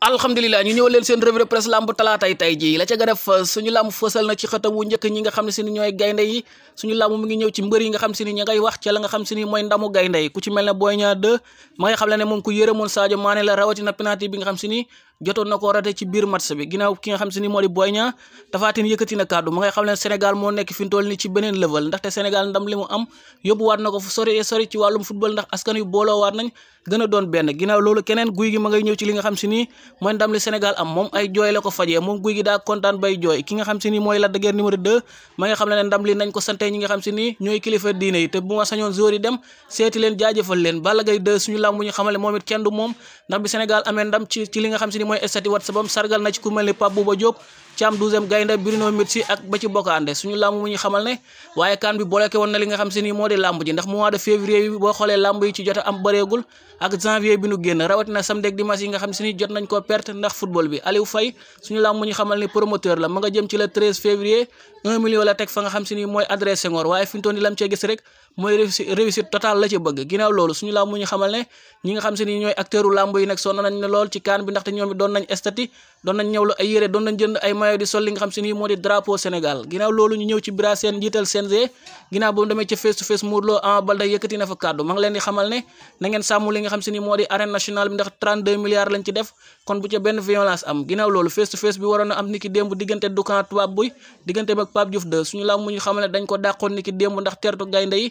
alhamdulilah ñu ñëw leen seen revue de presse lamb talaatay tay ji la ca gën a fës suñu lamb fësal na ci xëtam wu njëkk ñi nga xam ne seen ni ñooy gaynde yi suñu lamb mu ngi ñëw ci mbër yi nga xam si ni ña ngay wax ca la nga xam si ni mooy ndamu gaynde yi ku ci mel ne Boy Niang 2 ma ngay xam le ne moom ku yërëmoon Sadio Mané la rawatina penalty bi nga xam si ni jotoon na koo raté ci biir match bi ginnaaw ki nga xam si nii a doon mooy ndam Sénégal am moom ay jooy ko fajee moom guy gi daa kontaan bay jooy ki nga xam si nii mooy Lac de Guiers numéro 2 ma nga xam ne ndam nañ ko sante ñi nga xam si nii ñooy kilifa diine yi te bu ma sañoon joueur dem seeti leen jaajëfal leen Balla Gaye 2 suñu làmb bu xamale moom it kenn du moom ndax bi Sénégal amee ndam ci li nga xam si ni mooy stade Wat Sabam sargal na ci ku mel ni Pape Bouba Diop Thiam 12 Gaynde bi bloqué woon na si nii moo di làmb de février bi làmb mu ñu xamal ni promoteur la ma nga jëm ci le 13 février 1 million la teg fa nga xam si ni mooy adresse Senghor waaye fi mu toll nii gis rek mooy réussite totale la ci bëgg ginnaaw loolu suñu làmb mu ñu xamal ne ñi nga xam si ni ñooy acteuru làmb yi nag sonn nañ ne lool ci kan bi ndaxte ñoom doon nañ estati doon nañ ñëw lu ay yére doon nañ jënd ay maillot di sol li nga xam si nii moo di drapeau Sénégal ginnaaw loolu ñu ñëw ci bira seen njiital CNG ginnaaw boobu demee ci face to face Modou di xamal ne bi ndax 32 milliards lañ ci def kon bu ca benn violence am ginnaaw loolu face to face bi waroon am ni démb diggante Dukan Tubaab Buy diggante ak Pape Diouf 2 suñu làmb mu xamal ne dañ ko dàqoon ni démb ndax tertu gaynde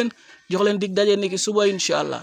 leen jox leen dig daje niki suba incha allah.